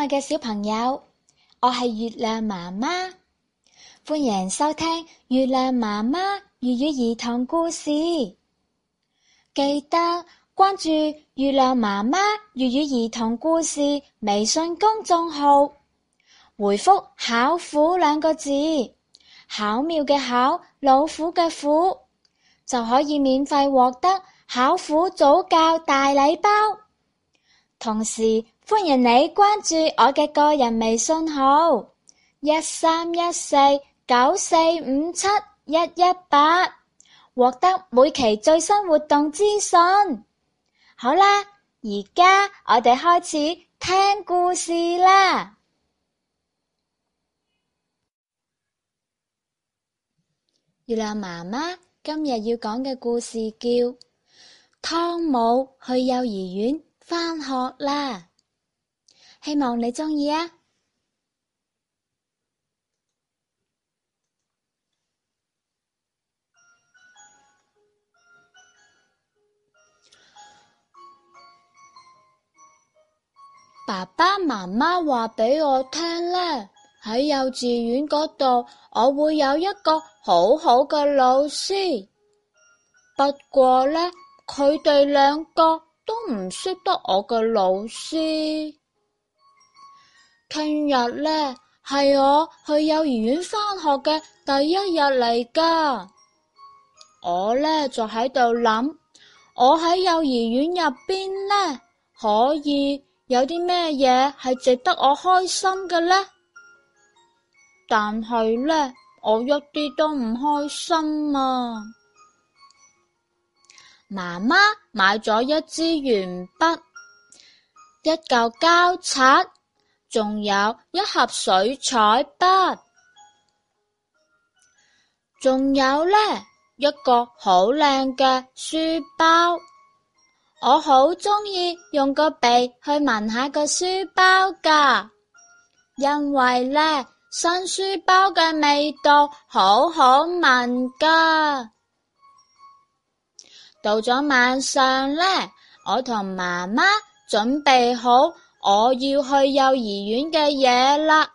愛嘅小朋友，我係月亮媽媽，歡迎收聽月亮媽媽粵語兒童故事。記得關注月亮媽媽粵語兒童故事微信公眾號，回覆“巧虎”兩個字，巧妙嘅巧，老虎嘅虎，就可以免費獲得巧虎早教大禮包。同時歡迎你關注我嘅個人微信號一三一四九四五七一一八，獲得每期最新活動資訊。好啦，而家我哋開始聽故事啦。月亮媽媽今日要講嘅故事叫《湯姆去幼兒園》。返學啦，希望你鍾意啊！爸爸媽媽話俾我聽呢，喺幼稚園嗰度我會有一個好好嘅老師。不過呢，佢哋兩個，都唔識得我嘅老師。聽日呢，係我去幼兒園返學嘅第一日嚟噶，我呢，就喺度諗，我喺幼兒園入邊呢，可以有啲咩嘢係值得我開心嘅呢？但係呢，我一啲都唔開心啊！媽媽買咗一支鉛筆、一嚿膠擦，仲有一盒水彩筆，仲有呢一個好靚嘅書包。我好鍾意用個鼻去聞下個書包噶，因為呢，新書包嘅味道好好聞噶。到咗晚上呢，我同媽媽準備好我要去幼兒園嘅嘢啦。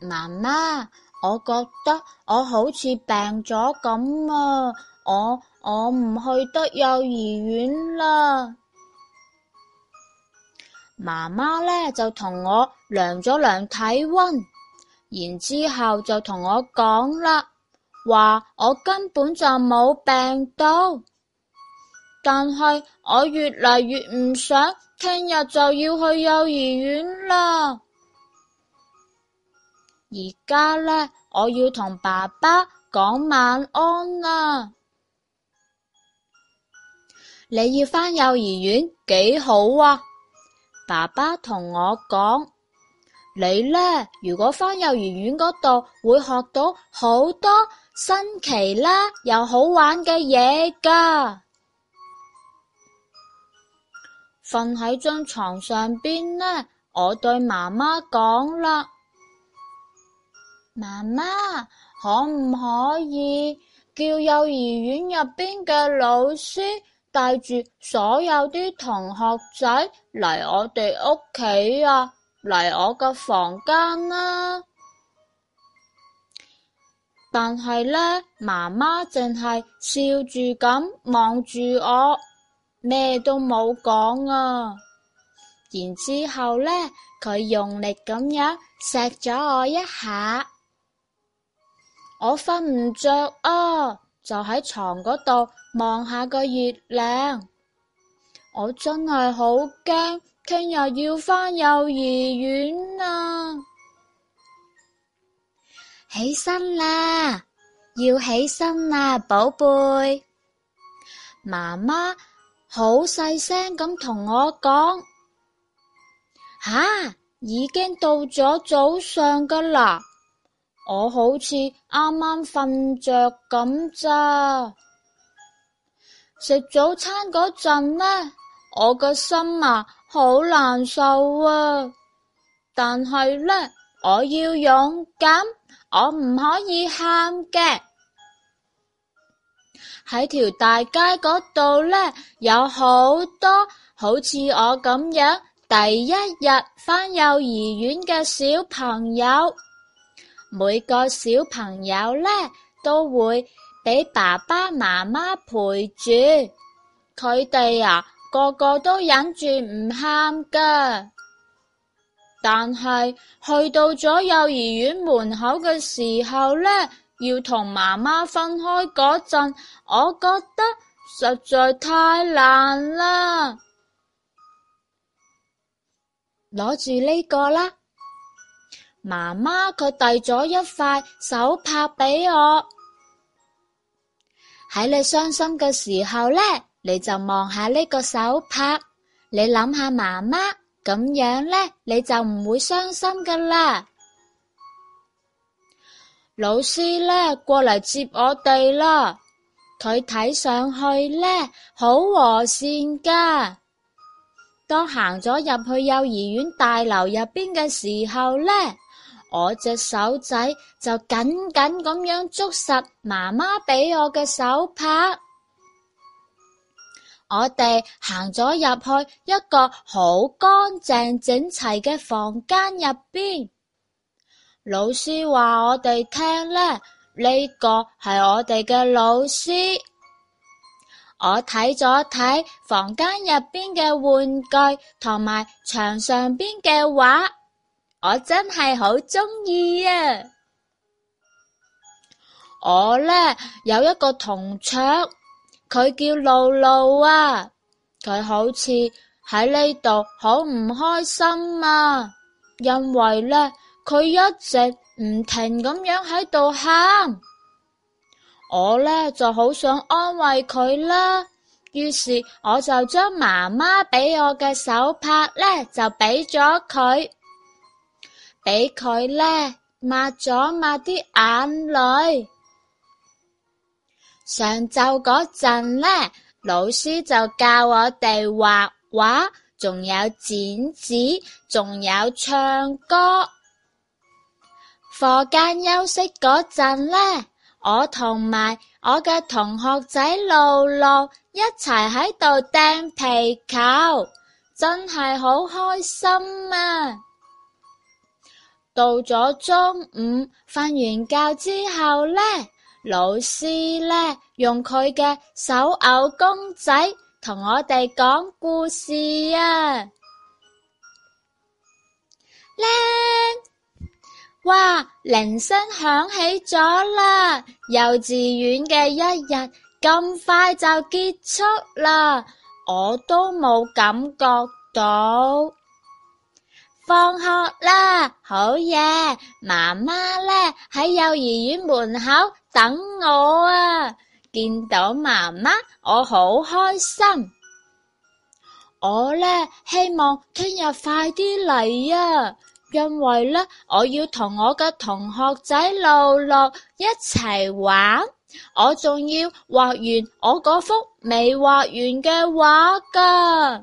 媽媽，我覺得我好似病咗咁啊！我我唔去得幼兒園啦。媽媽呢，就同我量咗量體溫，然之後就同我講啦。話我根本就冇病到，但係我越嚟越唔想聽日就要去幼兒園啦。而家呢，我要同爸爸講晚安啦、啊。你要返幼兒園幾好啊？爸爸同我講，你呢，如果返幼兒園嗰度會學到好多。新奇啦，有好玩嘅嘢噶！瞓喺張床上邊呢，我對媽媽講啦，媽媽可唔可以叫幼兒園入邊嘅老師帶住所有啲同學仔嚟我哋屋企啊？嚟我嘅房間啦、啊！但係呢，媽媽淨係笑住咁望住我，咩都冇講啊。然之後呢，佢用力咁樣錫咗我一下，我瞓唔着啊，就喺床嗰度望下個月亮。我真係好驚，聽日要返幼兒園啊！起身啦，要起身啦，寶貝。媽媽好細聲咁同我講，吓、啊，已經到咗早上噶啦。我好似啱啱瞓着咁咋。食早餐嗰陣呢，我個心啊好難受啊。但係呢，我要勇敢。我唔可以喊嘅。喺條大街嗰度呢，有好多好似我咁樣第一日返幼兒園嘅小朋友。每個小朋友呢，都會俾爸爸媽媽陪住，佢哋啊個個都忍住唔喊噶。但係去到咗幼兒園門口嘅時候呢，要同媽媽分開嗰陣，我覺得實在太難啦。攞住呢個啦，媽媽佢遞咗一塊手帕俾我。喺你傷心嘅時候呢，你就望下呢個手帕，你諗下媽媽。咁樣呢，你就唔會傷心噶啦。老師呢，過嚟接我哋咯。佢睇上去呢，好和善噶。當行咗入去幼兒園大樓入邊嘅時候呢，我隻手仔就緊緊咁樣捉實媽媽俾我嘅手帕。我哋行咗入去一個好乾淨整齊嘅房間入邊，老師話我哋聽呢，呢、呢個係我哋嘅老師。我睇咗睇房間入邊嘅玩具同埋牆上邊嘅畫，我真係好中意啊！我呢有一個同桌。佢叫露露啊！佢好似喺呢度好唔開心啊，因為呢，佢一直唔停咁樣喺度喊，我呢就好想安慰佢啦。於是我就將媽媽俾我嘅手帕呢，就俾咗佢，俾佢呢抹咗抹啲眼淚。上晝嗰陣呢，老師就教我哋畫畫，仲有剪紙，仲有唱歌。課間休息嗰陣呢，我同埋我嘅同學仔露露一齊喺度掟皮球，真係好開心啊！到咗中午，瞓完覺之後呢。老師呢，用佢嘅手偶公仔同我哋講故事啊！咧，哇，鈴聲響起咗啦！幼稚園嘅一日咁快就結束啦，我都冇感覺到。放學啦，好嘢。媽媽咧喺幼兒園門口等我啊！見到媽媽，我好開心。我咧希望聽日快啲嚟啊，因為咧我要同我嘅同學仔露露一齊玩，我仲要畫完我嗰幅未畫完嘅畫㗎。